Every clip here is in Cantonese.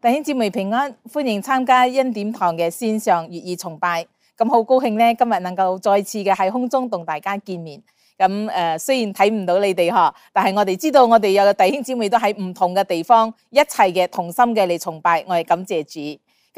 弟兄姐妹平安，歡迎參加恩典堂嘅線上粵語崇拜。咁好高興咧，今日能夠再次嘅喺空中同大家見面。咁誒、呃，雖然睇唔到你哋呵，但係我哋知道，我哋有弟兄姊妹都喺唔同嘅地方，一齊嘅同心嘅嚟崇拜，我哋感謝主。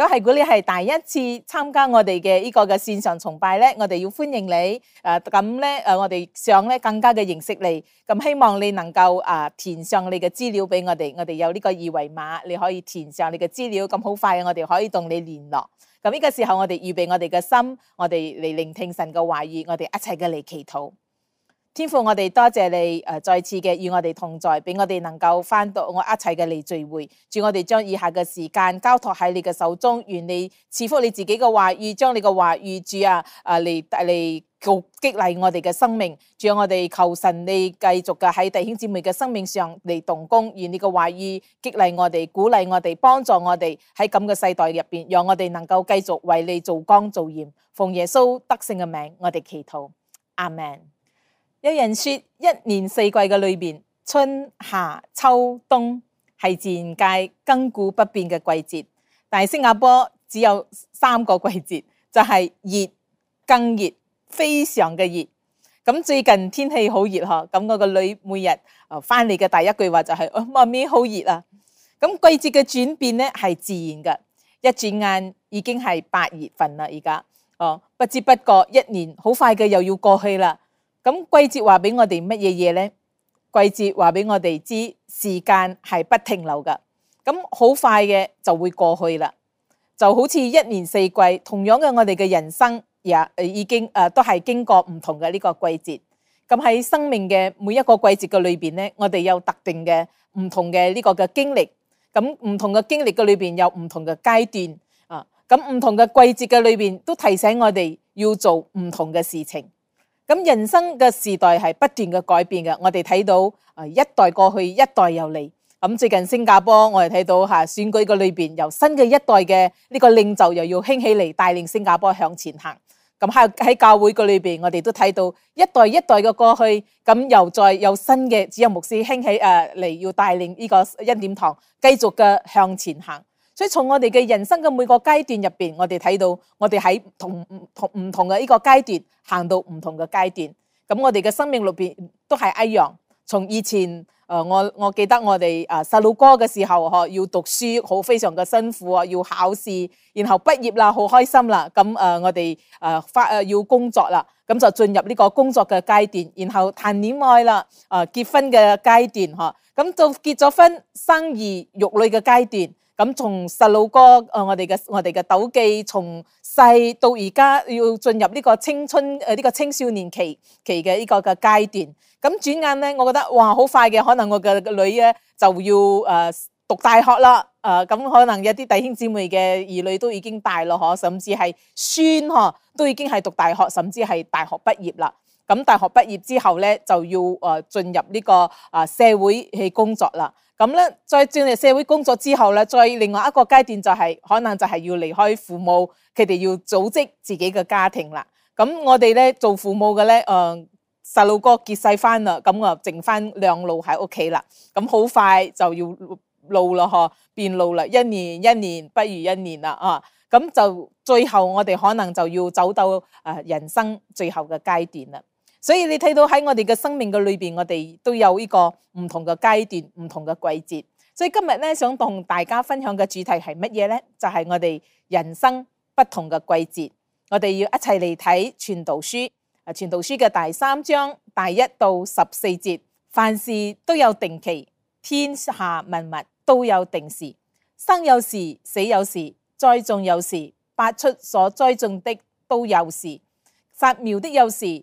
如果你係第一次參加我哋嘅呢個嘅綫上崇拜咧，我哋要歡迎你。誒，咁咧，誒，我哋想咧更加嘅認識你，咁希望你能夠誒填上你嘅資料俾我哋，我哋有呢個二維碼，你可以填上你嘅資料，咁好快我哋可以同你聯絡。咁呢個時候，我哋預備我哋嘅心，我哋嚟聆聽神嘅話語，我哋一齊嘅嚟祈禱。天父，我哋多謝，謝你誒，再次嘅與我哋同在，俾我哋能夠翻到我一齊嘅嚟聚會。主，我哋將以下嘅時間交託喺你嘅手中，願你賜福你自己嘅話語，將你嘅話語主啊誒嚟嚟激激勵我哋嘅生命。主，我哋求神你繼續嘅喺弟兄姊妹嘅生命上嚟動工，願你嘅話語激勵我哋、鼓勵我哋、幫助我哋喺咁嘅世代入邊，讓我哋能夠繼續為你做光做鹽。奉耶穌得勝嘅名，我哋祈禱，阿門。有人說一年四季嘅裏邊，春夏秋冬係自然界亘古不變嘅季節，但係新加坡只有三個季節，就係熱、更熱、非常嘅熱。咁最近天氣好熱嗬，咁我個女每日啊翻嚟嘅第一句話就係：我媽咪好熱啊！咁季節嘅轉變呢係自然嘅，一轉眼已經係八月份啦，而家哦不知不覺一年好快嘅又要過去啦。咁季節話俾我哋乜嘢嘢咧？季節話俾我哋知時間係不停留嘅，咁好快嘅就會過去啦。就好似一年四季，同樣嘅我哋嘅人生也已經、呃、都係經過唔同嘅呢個季節。咁喺生命嘅每一個季節嘅裏面咧，我哋有特定嘅唔同嘅呢個嘅經歷。咁唔同嘅經歷嘅裏面有唔同嘅階段啊。咁唔同嘅季節嘅裏面都提醒我哋要做唔同嘅事情。咁人生嘅時代係不斷嘅改變嘅，我哋睇到一代過去一代又嚟。咁最近新加坡我哋睇到哈選舉嘅裏面，由新嘅一代嘅呢個領袖又要興起嚟帶領新加坡向前行。咁喺喺教會嘅裏面，我哋都睇到一代一代嘅過去，咁又再有新嘅主任牧師興起嚟，要帶領呢個恩典堂繼續嘅向前行。所以從我哋嘅人生嘅每個階段入邊，我哋睇到我哋喺同唔同唔同嘅呢個階段行到唔同嘅階段。咁我哋嘅生命裏邊都係一樣。從以前誒，我我記得我哋誒細路哥嘅時候嗬、啊，要讀書好非常嘅辛苦啊，要考試，然後畢業啦，好開心啦。咁、啊、誒，我哋誒、啊、發誒、啊、要工作啦，咁、啊、就進入呢個工作嘅階段，然後談戀愛啦，誒、啊、結婚嘅階段嗬，咁到結咗婚，生兒育女嘅階段。啊咁從細路哥，誒我哋嘅我哋嘅斗記，從細到而家要進入呢個青春，誒、這、呢個青少年期期嘅呢個嘅階段。咁轉眼咧，我覺得哇，好快嘅，可能我嘅女咧就要誒讀大學啦。誒咁可能有啲弟兄姊妹嘅兒女都已經大咯，嗬，甚至係孫，嗬都已經係讀大學，甚至係大學畢業啦。咁大學畢業之後咧，就要誒進入呢個啊社會去工作啦。咁咧，再轉嚟社會工作之後咧，再另外一個階段就係、是、可能就係要離開父母，佢哋要組織自己嘅家庭啦。咁我哋咧做父母嘅咧，誒、呃，細路哥結世翻啦，咁啊剩翻兩老喺屋企啦。咁好快就要老咯，嗬，變老啦，一年一年不如一年啦，啊，咁就最後我哋可能就要走到誒人生最後嘅階段啦。所以你睇到喺我哋嘅生命嘅裏邊，我哋都有呢個唔同嘅階段、唔同嘅季節。所以今日咧，想同大家分享嘅主題係乜嘢咧？就係、是、我哋人生不同嘅季節。我哋要一齊嚟睇《傳道書》，啊，《傳道書》嘅第三章第一到十四節，凡事都有定期，天下萬物,物都有定時，生有時，死有時，栽種有時，拔出所栽種的都有時，發苗的有時。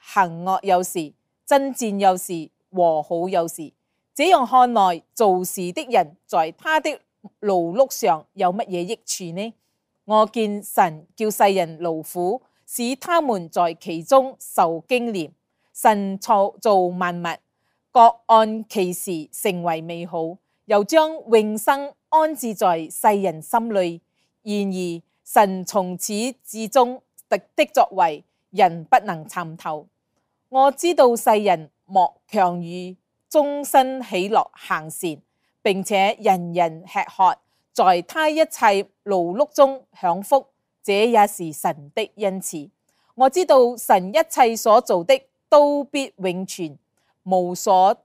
行惡有時，爭戰有時，和好有時，這樣看來，做事的人在他的勞碌上有乜嘢益處呢？我見神叫世人勞苦，使他們在其中受經練。神創造萬物，各按其時成為美好，又將永生安置在世人心裏。然而神從始至終的作為，人不能參透。我知道世人莫強於終身喜樂行善，並且人人吃喝，在他一切勞碌中享福，這也是神的恩賜。我知道神一切所做的都必永存，無所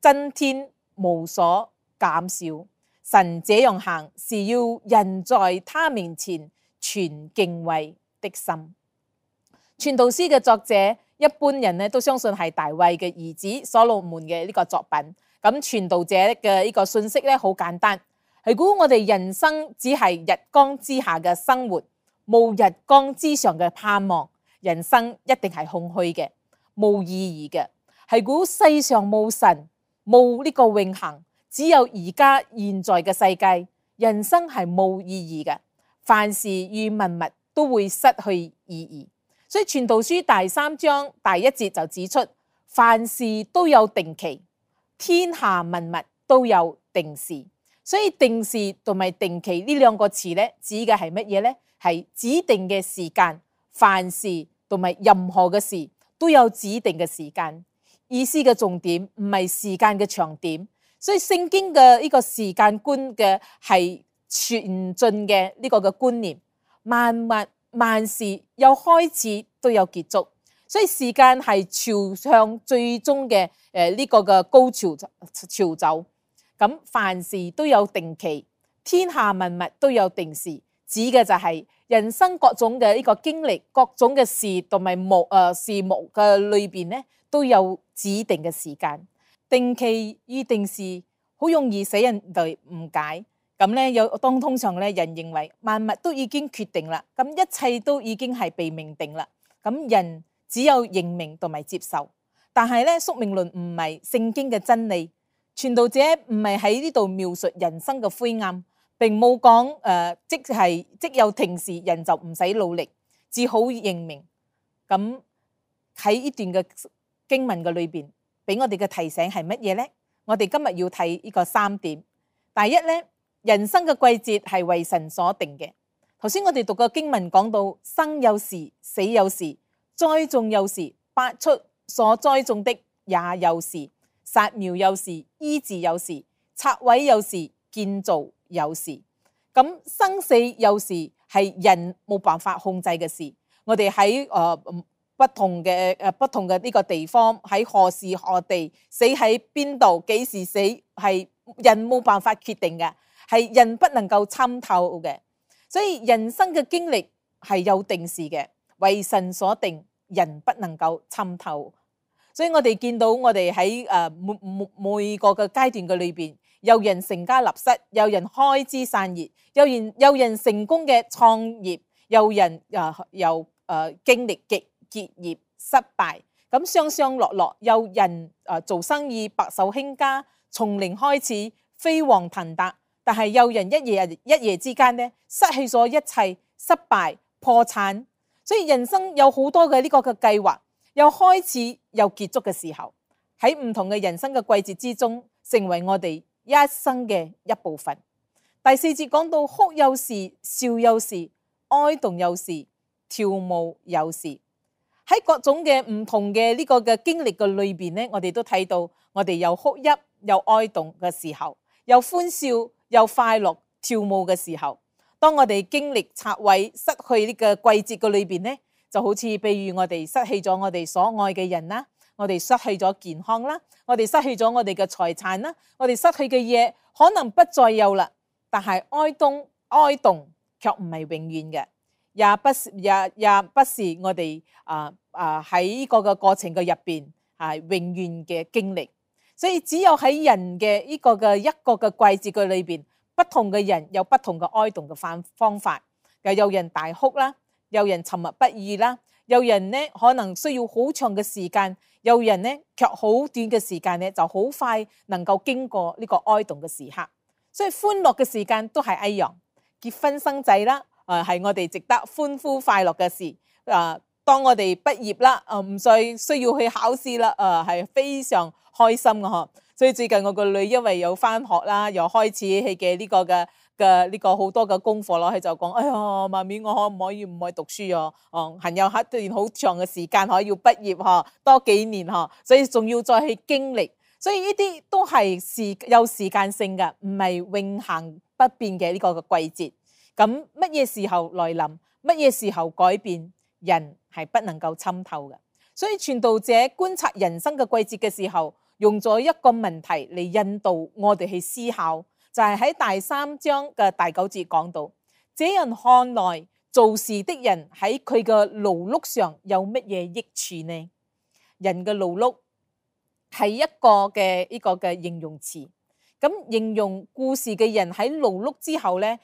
增添，無所減少。神這樣行，是要人在他面前存敬畏的心。傳道書嘅作者，一般人咧都相信係大衛嘅兒子所羅門嘅呢個作品。咁傳道者嘅呢個信息咧好簡單，係估我哋人生只係日光之下嘅生活，無日光之上嘅盼望，人生一定係空虛嘅，無意義嘅，係估世上無神，無呢個永恆，只有而家現在嘅世界，人生係無意義嘅，凡事與萬物，物都會失去意義。所以《傳道書》第三章第一節就指出，凡事都有定期，天下萬物都有定時。所以“定時”同埋“定期”呢兩個詞咧，指嘅係乜嘢咧？係指定嘅時間，凡事同埋任何嘅事都有指定嘅時間。意思嘅重點唔係時間嘅長短。所以聖經嘅呢個時間觀嘅係全盡嘅呢個嘅觀念，萬物。萬事又開始都有結束，所以時間係朝向最終嘅，誒呢個嘅高潮朝走。咁凡事都有定期，天下萬物，物都有定時，指嘅就係人生各種嘅呢個經歷、各種嘅事同埋誒事物嘅裏邊咧都有指定嘅時間。定期與定時好容易使人哋誤解。咁咧，有當通常咧，人認為萬物都已經決定啦，咁一切都已經係被命定啦。咁人只有認命同埋接受。但係咧，宿命論唔係聖經嘅真理，傳道者唔係喺呢度描述人生嘅灰暗，並冇講誒，即係即有停時，人就唔使努力，只好認命。咁喺呢段嘅經文嘅裏邊，俾我哋嘅提醒係乜嘢呢？我哋今日要睇呢個三點，第一咧。人生嘅季節係為神所定嘅。頭先我哋讀過經文講到生有時，死有時；栽種有時，拔出所栽種的也有時；殺苗有時，醫治有時；拆毀有時，建造有時。咁生死有時係人冇辦法控制嘅事。我哋喺誒不同嘅誒不同嘅呢個地方喺何，何，何時何地死喺邊度，幾時死係人冇辦法決定嘅。係人不能夠參透嘅，所以人生嘅經歷係有定時嘅，為神所定，人不能夠參透。所以我哋見到我哋喺誒每每每個嘅階段嘅裏邊，有人成家立室，有人開枝散葉，有人有人成功嘅創業，有人誒有誒經歷結結業失敗，咁上上落落，有人誒做生意白手興家，從零開始飛黃騰達。但係有人一夜一夜之間咧，失去咗一切，失敗、破產，所以人生有好多嘅呢個嘅計劃，又開始又結束嘅時候，喺唔同嘅人生嘅季節之中，成為我哋一生嘅一部分。第四節講到哭有時，笑有時，哀慟有時，跳舞有時，喺各種嘅唔同嘅呢個嘅經歷嘅裏邊咧，我哋都睇到我哋有哭泣有哀慟嘅時候，有歡笑。有快樂跳舞嘅時候，當我哋經歷拆位、失去呢個季節嘅裏邊咧，就好似，譬如我哋失去咗我哋所愛嘅人啦，我哋失去咗健康啦，我哋失去咗我哋嘅財產啦，我哋失去嘅嘢，可能不再有啦，但係哀慟，哀慟，卻唔係永遠嘅，也不是也也不是我哋啊啊喺嗰個過程嘅入邊係永遠嘅經歷。所以只有喺人嘅呢個嘅一個嘅季節佢裏邊，不同嘅人有不同嘅哀痛嘅方方法，又有，有人大哭啦，有人沉默不語啦，有人咧可能需要好長嘅時間，有人咧卻好短嘅時間咧就好快能夠經過呢個哀痛嘅時刻。所以歡樂嘅時間都係一樣，結婚生仔啦，誒係我哋值得歡呼快樂嘅事啊！當我哋畢業啦，唔再需要去考試啦，係非常開心嘅。所以最近我個女因為有翻學啦，又開始去嘅呢個嘅嘅呢個好、呢個、多嘅功課咯佢就講：哎呀，媽咪，我可唔可以唔去讀書哦？哦，還有一段好長嘅時間，可以要畢業，多幾年，所以仲要再去經歷。所以呢啲都係時有時間性嘅，唔係永恆不變嘅呢個嘅季節。咁乜嘢時候來臨？乜嘢時候改變人？係不能夠滲透嘅，所以傳道者觀察人生嘅季節嘅時候，用咗一個問題嚟引導我哋去思考，就係喺第三章嘅第九節講到：這人看來，做事的人喺佢嘅勞碌上有乜嘢益處呢？人嘅勞碌係一個嘅呢個嘅形容詞，咁形容故事嘅人喺勞碌之後咧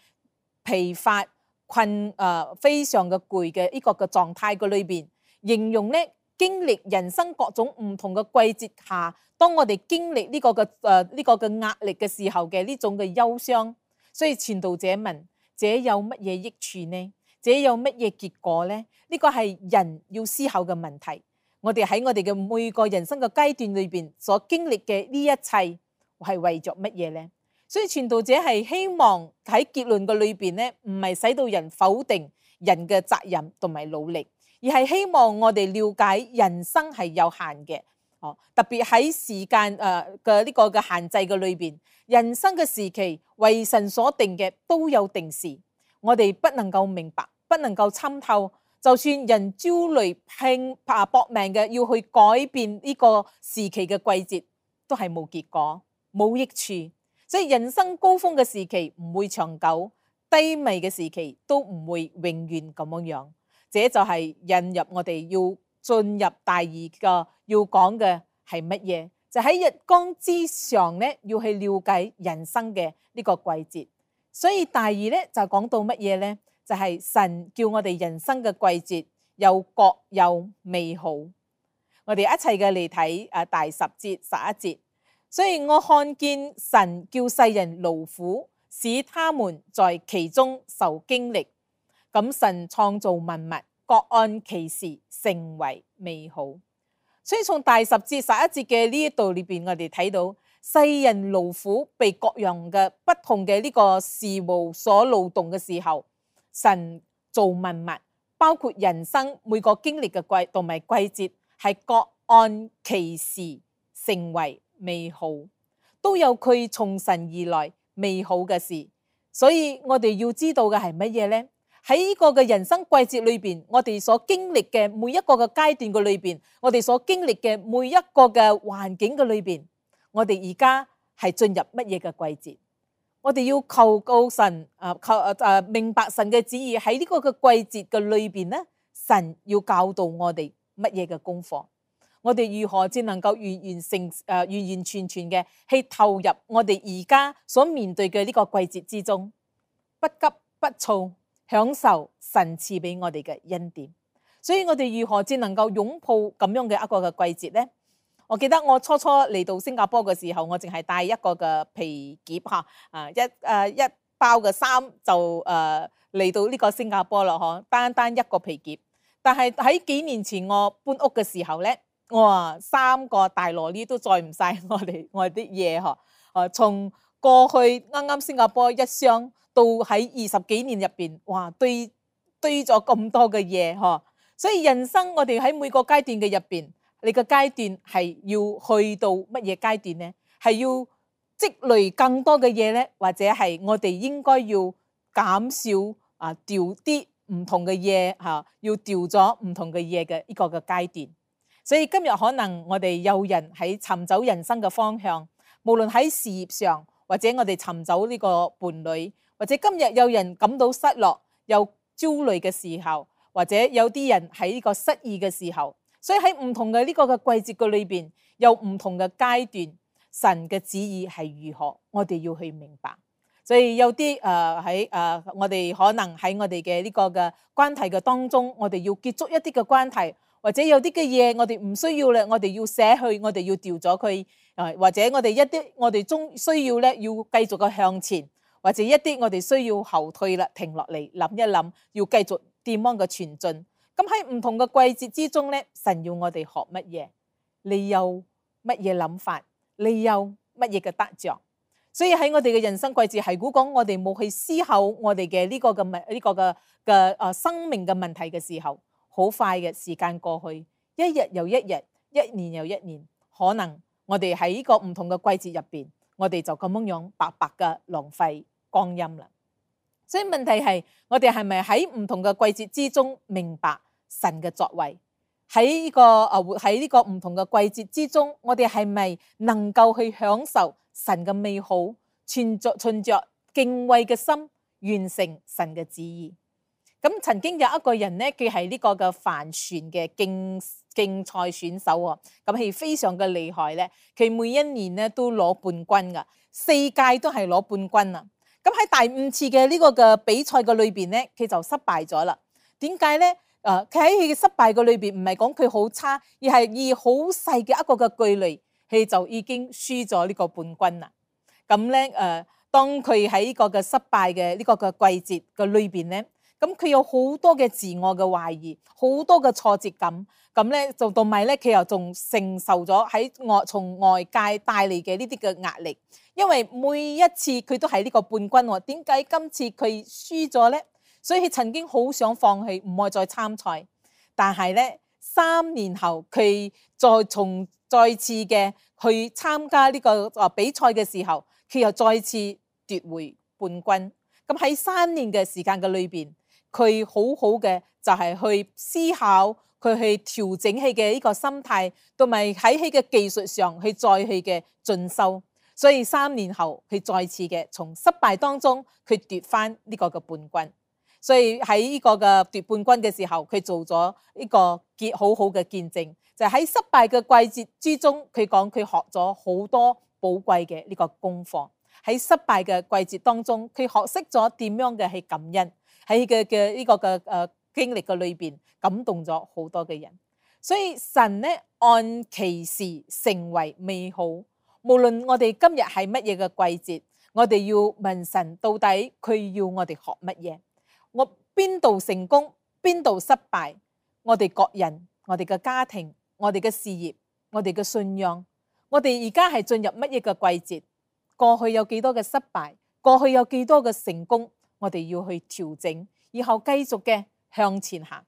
疲乏。睏，誒，非常嘅攰嘅呢個嘅狀態嘅裏邊，形容咧經歷人生各種唔同嘅季節下，當我哋經歷呢個嘅誒呢個嘅壓力嘅時候嘅呢種嘅憂傷，所以傳道者問：這有乜嘢益處呢？這有乜嘢結果呢？呢個係人要思考嘅問題。我哋喺我哋嘅每個人生嘅階段裏邊所經歷嘅呢一切，係為咗乜嘢呢？所以傳道者係希望喺結論嘅裏邊咧，唔係使到人否定人嘅責任同埋努力，而係希望我哋了解人生係有限嘅。哦，特別喺時間誒嘅呢個嘅限制嘅裏邊，人生嘅時期為神所定嘅都有定時，我哋不能夠明白，不能夠參透。就算人焦慮拼啊搏命嘅要去改變呢個時期嘅季節，都係冇結果，冇益處。即係人生高峰嘅時期唔會長久，低迷嘅時期都唔會永遠咁樣樣。這就係引入我哋要進入第二個要講嘅係乜嘢？就喺、是、日光之上咧，要去了解人生嘅呢個季節。所以第二咧就講到乜嘢咧？就係、是、神叫我哋人生嘅季節又各有美好。我哋一齊嘅嚟睇啊，第十節、十一節。所以我看見神叫世人勞苦，使他們在其中受經歷。咁神創造萬物，各按其時成為美好。所以從第十至十一節嘅呢一度裏邊，我哋睇到世人勞苦，被各樣嘅不同嘅呢個事務所勞動嘅時候，神造萬物，包括人生每個經歷嘅季同埋季節，係各按其時成為美好都有佢從神而來美好嘅事，所以我哋要知道嘅係乜嘢咧？喺呢個嘅人生季節裏邊，我哋所經歷嘅每一個嘅階段嘅裏邊，我哋所經歷嘅每一個嘅環境嘅裏邊，我哋而家係進入乜嘢嘅季節？我哋要求告神啊，求啊明白神嘅旨意喺呢個嘅季節嘅裏邊咧，神要教導我哋乜嘢嘅功課？我哋如何先能夠完完成誒完完全全嘅去投入我哋而家所面對嘅呢個季節之中，不急不躁，享受神賜俾我哋嘅恩典。所以我哋如何先能夠擁抱咁樣嘅一個嘅季節呢？我記得我初初嚟到新加坡嘅時候，我淨係帶一個嘅皮夾嚇啊一誒一包嘅衫就誒嚟到呢個新加坡咯嗬，單單一個皮夾。但係喺幾年前我搬屋嘅時候咧。我話三個大羅啲都載唔晒我哋我哋啲嘢呵。啊，從過去啱啱新加坡一箱到喺二十幾年入邊，哇，堆堆咗咁多嘅嘢呵。所以人生我哋喺每個階段嘅入邊，你個階段係要去到乜嘢階段咧？係要積累更多嘅嘢咧，或者係我哋應該要減少啊，掉啲唔同嘅嘢嚇，要掉咗唔同嘅嘢嘅一個嘅階段。所以今日可能我哋有人喺尋找人生嘅方向，無論喺事業上或者我哋尋找呢個伴侶，或者今日有人感到失落又焦慮嘅時候，或者有啲人喺呢個失意嘅時候，所以喺唔同嘅呢個嘅季節嘅裏面，有唔同嘅階段，神嘅旨意係如何，我哋要去明白。所以有啲誒喺誒我哋可能喺我哋嘅呢個嘅關係嘅當中，我哋要結束一啲嘅關係。或者有啲嘅嘢我哋唔需要咧，我哋要捨去，我哋要掉咗佢。啊，或者我哋一啲我哋中需要咧，要繼續嘅向前；或者一啲我哋需要後退啦，停落嚟諗一諗，要繼續點樣嘅前進。咁喺唔同嘅季節之中咧，神要我哋學乜嘢？你有乜嘢諗法？你有乜嘢嘅得着？所以喺我哋嘅人生季節係估講，就是、我哋冇去思考我哋嘅呢個嘅問呢個嘅嘅、這個這個、啊生命嘅問題嘅時候。好快嘅時間過去，一日又一日，一年又一年，可能我哋喺呢個唔同嘅季節入邊，我哋就咁樣白白嘅浪費光陰啦。所以問題係，我哋係咪喺唔同嘅季節之中明白神嘅作為？喺呢個誒活喺呢個唔同嘅季節之中，我哋係咪能夠去享受神嘅美好，存着存著敬畏嘅心，完成神嘅旨意？咁曾經有一個人咧，佢係呢個嘅帆船嘅競競賽選手喎，咁係非常嘅厲害咧。佢每一年咧都攞冠軍噶，四屆都係攞冠軍啊。咁喺第五次嘅呢個嘅比賽嘅裏邊咧，佢就失敗咗啦。點解咧？誒，佢喺佢嘅失敗嘅裏邊，唔係講佢好差，而係以好細嘅一個嘅距離，佢就已經輸咗呢個冠軍啦。咁咧誒，當佢喺呢個嘅失敗嘅呢個嘅季節嘅裏邊咧。咁佢有好多嘅自我嘅懷疑，好多嘅挫折感。咁咧就到埋咧，佢又仲承受咗喺外從外界帶嚟嘅呢啲嘅壓力。因為每一次佢都係呢個冠軍，點解今次佢輸咗咧？所以佢曾經好想放棄唔愛再參賽，但係咧，三年後，佢再從再次嘅去參加呢個啊比賽嘅時候，佢又再次奪回冠軍，咁喺三年嘅時間嘅裏邊。佢好好嘅就係去思考，佢去調整佢嘅呢個心態，同埋喺佢嘅技術上去再去嘅進修。所以三年後，佢再次嘅從失敗當中佢奪翻呢個嘅冠軍。所以喺呢個嘅奪冠軍嘅時候，佢做咗呢個結好好嘅見證，就係喺失敗嘅季節之中，佢講，佢學咗好多寶貴嘅呢個功課。喺失敗嘅季節當中，佢學識咗點樣嘅去感恩。喺嘅嘅呢個嘅誒經歷嘅裏邊，感動咗好多嘅人。所以神咧按其時成為美好。無論我哋今日係乜嘢嘅季節，我哋要問神到底佢要我哋學乜嘢。我邊度成功，邊度失敗。我哋各人，我哋嘅家庭，我哋嘅事業，我哋嘅信仰，我哋而家係進入乜嘢嘅季節？過去有幾多嘅失敗？過去有幾多嘅成功？我哋要去調整，以後繼續嘅向前行。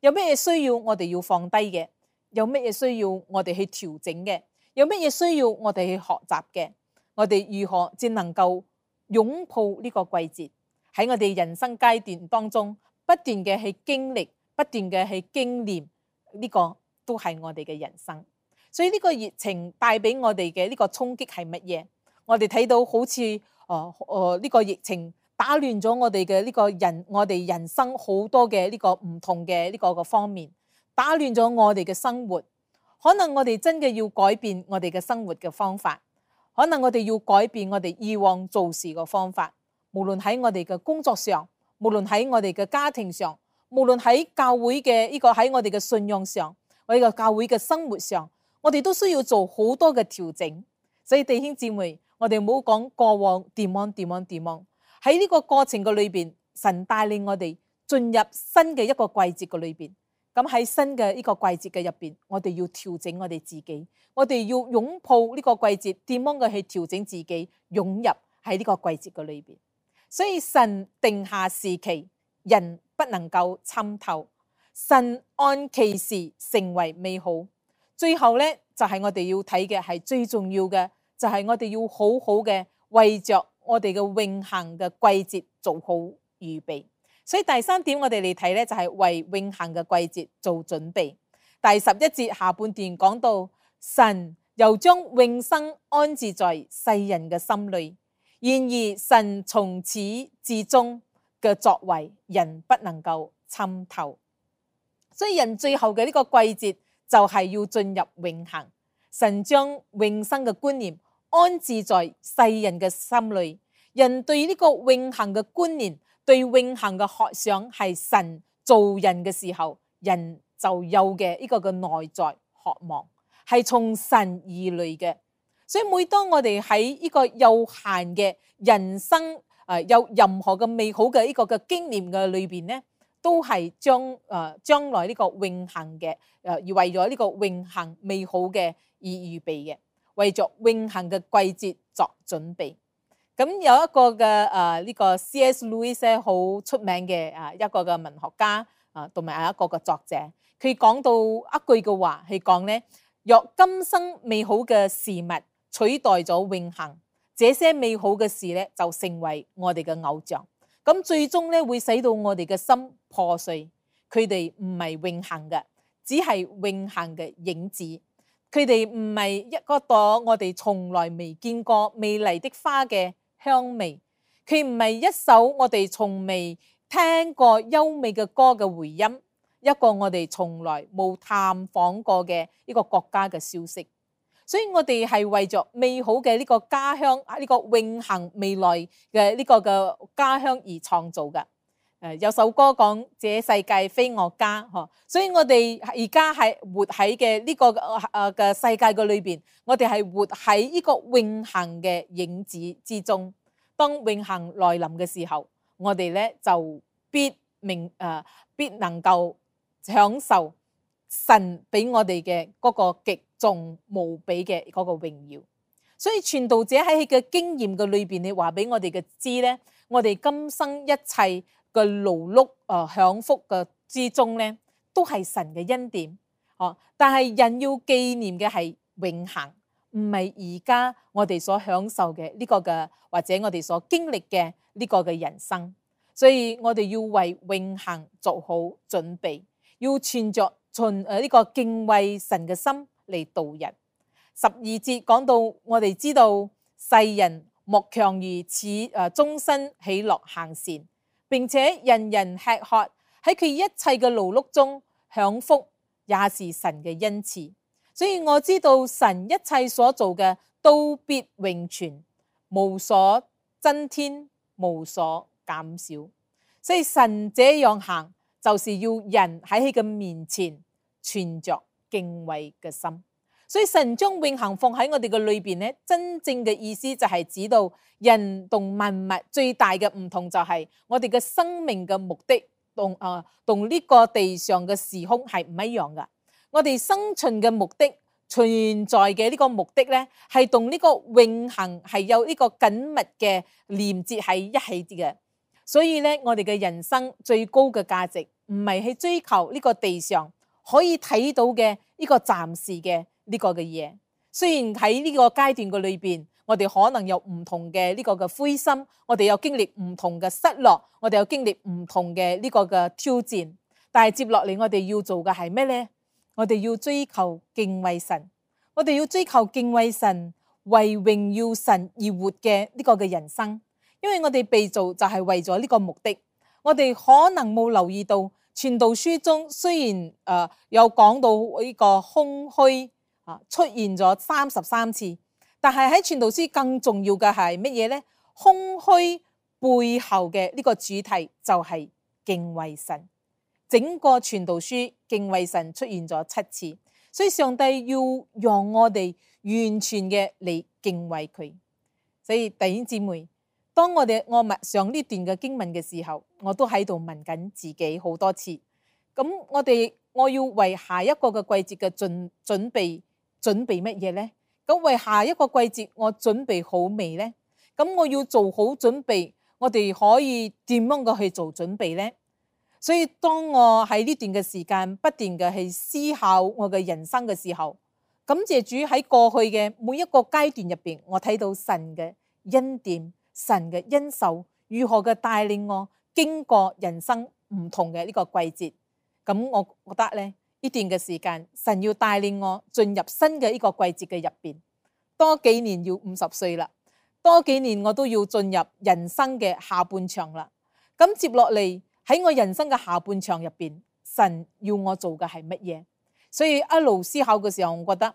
有乜嘢需要我哋要放低嘅？有乜嘢需要我哋去調整嘅？有乜嘢需要我哋去學習嘅？我哋如何先能夠擁抱呢個季節？喺我哋人生階段當中，不斷嘅去經歷，不斷嘅去經驗，呢個都係我哋嘅人生。所以呢個疫情帶俾我哋嘅呢個衝擊係乜嘢？我哋睇到好似誒誒呢個疫情。打亂咗我哋嘅呢個人，我哋人生好多嘅呢個唔同嘅呢個個方面，打亂咗我哋嘅生活。可能我哋真嘅要改變我哋嘅生活嘅方法，可能我哋要改變我哋以往做事嘅方法。無論喺我哋嘅工作上，無論喺我哋嘅家庭上，無論喺教會嘅呢個喺我哋嘅信用上，我呢個教會嘅生活上，我哋都需要做好多嘅調整。所以弟兄姊妹，我哋唔好講過往點樣點樣點樣。喺呢個過程嘅裏邊，神帶領我哋進入新嘅一個季節嘅裏邊。咁喺新嘅呢個季節嘅入邊，我哋要調整我哋自己，我哋要擁抱呢個季節，點樣嘅去調整自己，湧入喺呢個季節嘅裏邊。所以神定下時期，人不能夠參透；神按其時成為美好。最後咧，就係、是、我哋要睇嘅係最重要嘅，就係、是、我哋要好好嘅為着。我哋嘅永恆嘅季節做好預備，所以第三點我哋嚟睇咧就係為永恆嘅季節做準備。第十一節下半段講到，神又將永生安置在世人嘅心裏，然而神從始至終嘅作為人不能夠參透。所以人最後嘅呢個季節就係要進入永恆，神將永生嘅觀念。安置在世人嘅心裏，人對呢個永恆嘅觀念，對永恆嘅渴想，係神造人嘅時候，人就有嘅呢個嘅內在渴望，係從神而來嘅。所以每當我哋喺呢個有限嘅人生誒，有任何嘅美好嘅呢個嘅經驗嘅裏邊咧，都係將誒將來呢個永恆嘅誒，而為咗呢個永恆美好嘅而預備嘅。為着永恆嘅季節作準備，咁有一個嘅誒呢個 C.S. Lewis 係好出名嘅啊，一個嘅文學家啊同埋有一個嘅作者，佢講到一句嘅話係講咧：若今生美好嘅事物取代咗永恆，這些美好嘅事咧就成為我哋嘅偶像，咁最終咧會使到我哋嘅心破碎。佢哋唔係永恆嘅，只係永恆嘅影子。佢哋唔係一朵我哋從來未見過美麗的花嘅香味，佢唔係一首我哋從未聽過優美嘅歌嘅回音，一個我哋從來冇探訪過嘅一個國家嘅消息。所以我哋係為著美好嘅呢個家鄉啊，呢個永恆未來嘅呢個嘅家鄉而創造嘅。誒有首歌講：這世界非我家，嗬！所以我哋而家係活喺嘅呢個誒嘅世界嘅裏邊，我哋係活喺呢個永恆嘅影子之中。當永恆來臨嘅時候，我哋咧就必明誒，必能夠享受神俾我哋嘅嗰個極重無比嘅嗰個榮耀。所以傳道者喺佢嘅經驗嘅裏邊，你話俾我哋嘅知咧，我哋今生一切嘅勞碌誒，享福嘅之中咧，都係神嘅恩典哦。但係人要紀念嘅係永恆，唔係而家我哋所享受嘅呢個嘅，或者我哋所經歷嘅呢個嘅人生。所以我哋要為永恆做好準備，要存着從誒呢個敬畏神嘅心嚟度日。十二節講到，我哋知道世人莫強如此誒，終身喜樂、行善。並且人人吃喝，喺佢一切嘅勞碌中享福，也是神嘅恩賜。所以我知道神一切所做嘅都必永存，無所增添，無所減少。所以神這樣行，就是要人喺佢嘅面前存着敬畏嘅心。所以神將永恒放喺我哋嘅裏邊咧，真正嘅意思就係指到人同萬物最大嘅唔同就係我哋嘅生命嘅目的同啊同呢個地上嘅時空係唔一樣噶。我哋生存嘅目的，存在嘅呢個目的咧，係同呢個永恒係有呢個緊密嘅連接喺一起嘅。所以咧，我哋嘅人生最高嘅價值唔係去追求呢個地上可以睇到嘅呢個暫時嘅。呢個嘅嘢，雖然喺呢個階段嘅裏邊，我哋可能有唔同嘅呢個嘅灰心，我哋有經歷唔同嘅失落，我哋有經歷唔同嘅呢個嘅挑戰。但係接落嚟，我哋要做嘅係咩咧？我哋要追求敬畏神，我哋要追求敬畏神，為榮耀神而活嘅呢個嘅人生。因為我哋被造就係為咗呢個目的。我哋可能冇留意到，傳道書中雖然誒、呃、有講到呢個空虛。出現咗三十三次，但係喺《傳道書》更重要嘅係乜嘢咧？空虛背後嘅呢個主題就係敬畏神。整個《傳道書》敬畏神出現咗七次，所以上帝要讓我哋完全嘅嚟敬畏佢。所以弟兄姊妹，當我哋我默上呢段嘅經文嘅時候，我都喺度問緊自己好多次。咁我哋我要為下一個嘅季節嘅準準備。準備乜嘢呢？咁為下一個季節，我準備好未呢？咁我要做好準備，我哋可以點樣嘅去做準備呢？所以當我喺呢段嘅時間，不斷嘅去思考我嘅人生嘅時候，感謝主喺過去嘅每一個階段入邊，我睇到神嘅恩典、神嘅恩手如何嘅帶領我經過人生唔同嘅呢個季節。咁我覺得呢。呢段嘅時間，神要帶領我進入新嘅一個季節嘅入邊。多幾年要五十歲啦，多幾年我都要進入人生嘅下半場啦。咁接落嚟喺我人生嘅下半場入邊，神要我做嘅係乜嘢？所以一路思考嘅時候，我覺得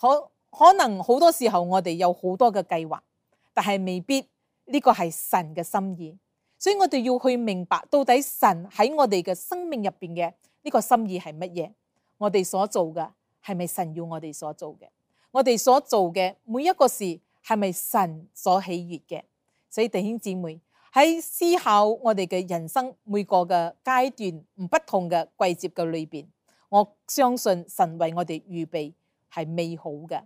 可可能好多時候我哋有好多嘅計劃，但係未必呢個係神嘅心意。所以我哋要去明白到底神喺我哋嘅生命入邊嘅。呢個心意係乜嘢？我哋所做嘅係咪神要我哋所做嘅？我哋所做嘅每一個事係咪神所喜悅嘅？所以弟兄姊妹喺思考我哋嘅人生每個嘅階段唔不同嘅季節嘅裏邊，我相信神為我哋預備係美好嘅。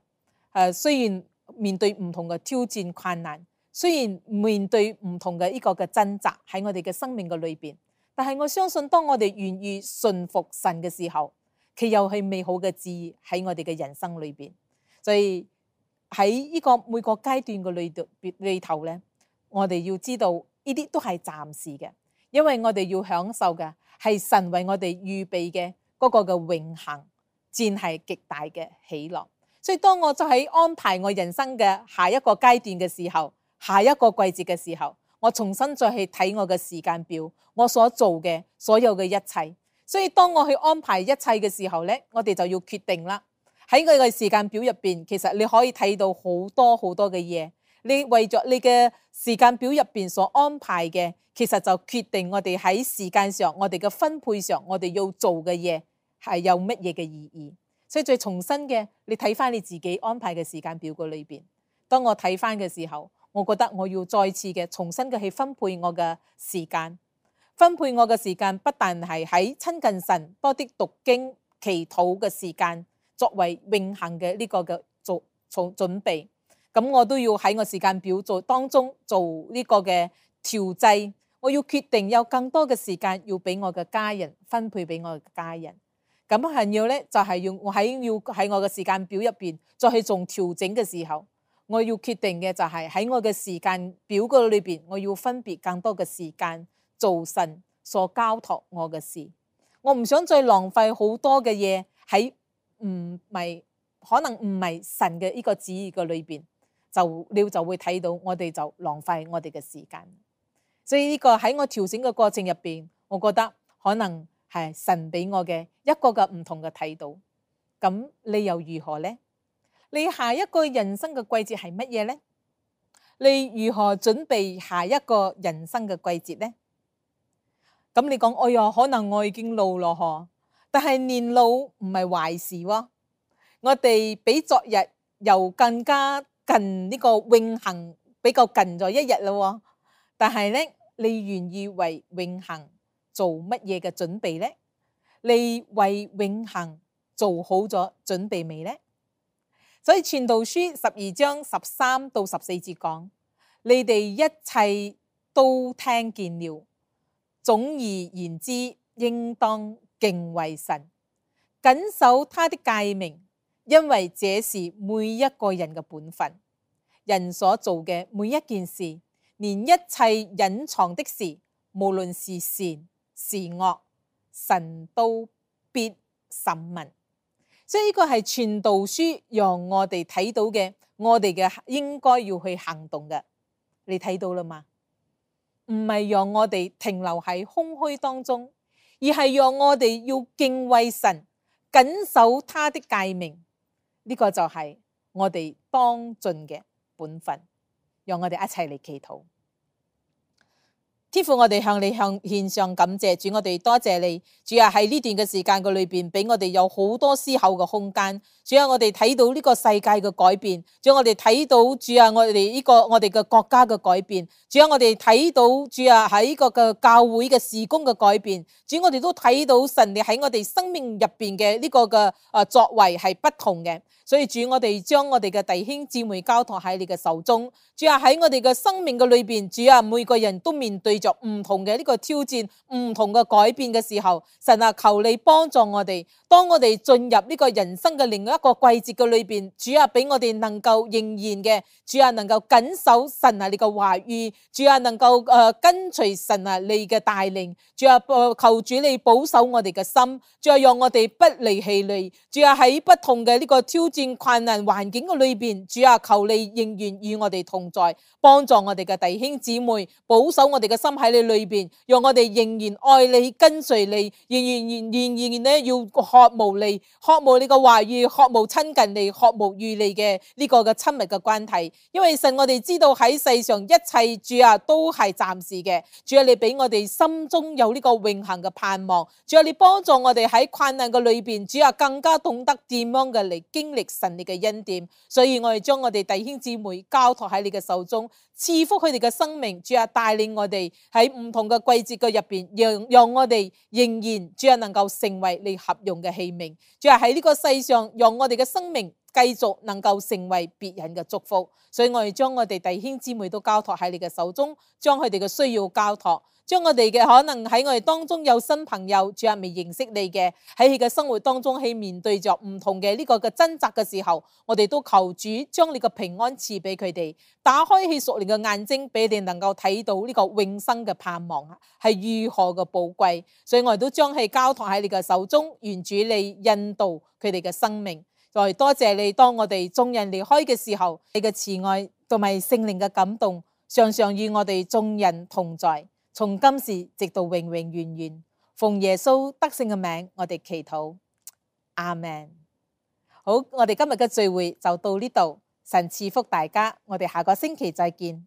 誒，雖然面對唔同嘅挑戰困難，雖然面對唔同嘅呢個嘅掙扎喺我哋嘅生命嘅裏邊。但係我相信，當我哋願意信服神嘅時候，佢又係美好嘅旨意喺我哋嘅人生裏邊。所以喺呢個每個階段嘅裏頭，裏頭咧，我哋要知道呢啲都係暫時嘅，因為我哋要享受嘅係神為我哋預備嘅嗰個嘅永恆，戰係極大嘅喜樂。所以當我就喺安排我人生嘅下一個階段嘅時候，下一個季節嘅時候。我重新再去睇我嘅時間表，我所做嘅所有嘅一切，所以當我去安排一切嘅時候咧，我哋就要決定啦。喺我嘅時間表入邊，其實你可以睇到好多好多嘅嘢。你為咗你嘅時間表入邊所安排嘅，其實就決定我哋喺時間上、我哋嘅分配上、我哋要做嘅嘢係有乜嘢嘅意義。所以再重新嘅，你睇翻你自己安排嘅時間表嗰裏邊，當我睇翻嘅時候。我覺得我要再次嘅重新嘅去分配我嘅時間，分配我嘅時間不但係喺親近神多啲讀經、祈禱嘅時間，作為永恆嘅呢個嘅做做準備。咁我都要喺我時間表做當中做呢個嘅調製。我要決定有更多嘅時間要俾我嘅家人分配俾我嘅家人。咁係要咧就係要我喺要喺我嘅時間表入邊再去做調整嘅時候。我要決定嘅就係喺我嘅時間表個裏邊，我要分別更多嘅時間做神所交託我嘅事。我唔想再浪費好多嘅嘢，喺唔係可能唔係神嘅呢個旨意嘅裏邊，就你就會睇到我哋就浪費我哋嘅時間。所以呢個喺我調整嘅過程入邊，我覺得可能係神俾我嘅一個嘅唔同嘅睇到。咁你又如何呢？你下一個人生嘅季節係乜嘢呢？你如何準備下一個人生嘅季節呢？咁你講，哎喲，可能我已經老咯嗬，但係年老唔係壞事喎。我哋比昨日又更加近呢個永恒比較近咗一日啦。但係咧，你願意為永恒做乜嘢嘅準備呢？你為永恒做好咗準備未呢？所以傳道書十二章十三到十四節講，你哋一切都聽見了。總而言之，應當敬畏神，謹守他的誡命，因為這是每一個人嘅本分。人所做嘅每一件事，連一切隱藏的事，無論是善是惡，神都必審問。即係呢個係傳道書讓我哋睇到嘅，我哋嘅應該要去行動嘅。你睇到啦嘛？唔係讓我哋停留喺空虛當中，而係讓我哋要敬畏神，謹守他的誡命。呢個就係我哋當盡嘅本分。讓我哋一齊嚟祈禱。天父，我哋向你向獻上感謝，主我哋多謝、謝你，主啊，喺呢段嘅時間嘅裏邊俾我哋有好多思考嘅空間，主啊，我哋睇到呢個世界嘅改變，主啊，我哋睇到主啊，我哋呢、呢個我哋嘅國家嘅改變，主啊，我哋睇到主啊，喺呢個嘅教會嘅事工嘅改變，主我哋都睇到神你喺我哋生命入邊嘅呢個嘅誒作為係不同嘅。所以主，我哋將我哋嘅弟兄姊妹交託喺你嘅手中。主啊，喺我哋嘅生命嘅裏邊，主啊，每個人都面對着唔同嘅呢個挑戰、唔同嘅改變嘅時候，神啊，求你幫助我哋。當我哋進入呢個人生嘅另外一個季節嘅裏邊，主啊，俾我哋能夠仍然嘅，主啊，能夠謹守神啊你嘅話語，主啊，能夠誒、呃、跟隨神啊你嘅帶領，主啊，求主你保守我哋嘅心，主啊，讓我哋不離棄你，主啊，喺不同嘅呢個挑。在困難環境嘅裏邊，主啊，求你仍然與我哋同在，幫助我哋嘅弟兄姊妹，保守我哋嘅心喺你裏邊，讓我哋仍然愛你跟隨你，仍然仍然仍然呢要渴慕你，渴慕你嘅話語，渴慕親近你，渴慕與你嘅呢個嘅親密嘅關係。因為神我哋知道喺世上一切，主啊都係暫時嘅，主啊你俾我哋心中有呢個永恒嘅盼望，主啊你幫助我哋喺困難嘅裏邊，主啊更加懂得點樣嘅嚟經歷。神你嘅恩典，所以我哋將我哋弟兄姊妹交託喺你嘅手中，賜福佢哋嘅生命。主啊，帶領我哋喺唔同嘅季節嘅入邊，讓讓我哋仍然，主啊，能夠成為你合用嘅器皿。主啊，喺呢個世上，讓我哋嘅生命繼續能夠成為別人嘅祝福。所以我哋將我哋弟兄姊妹都交託喺你嘅手中，將佢哋嘅需要交託。將我哋嘅可能喺我哋當中有新朋友，仲係未認識你嘅，喺你嘅生活當中，去面對着唔同嘅呢個嘅掙扎嘅時候，我哋都求主將你嘅平安賜俾佢哋，打開起熟練嘅眼睛，俾你能夠睇到呢個永生嘅盼望係如何嘅寶貴。所以我哋都將佢交託喺你嘅手中，願主你引導佢哋嘅生命。我哋多謝你，當我哋眾人離開嘅時候，你嘅慈愛同埋聖靈嘅感動，常常與我哋眾人同在。從今時直到永永遠遠，奉耶穌得勝嘅名，我哋祈禱，阿門。好，我哋今日嘅聚會就到呢度，神賜福大家，我哋下個星期再見。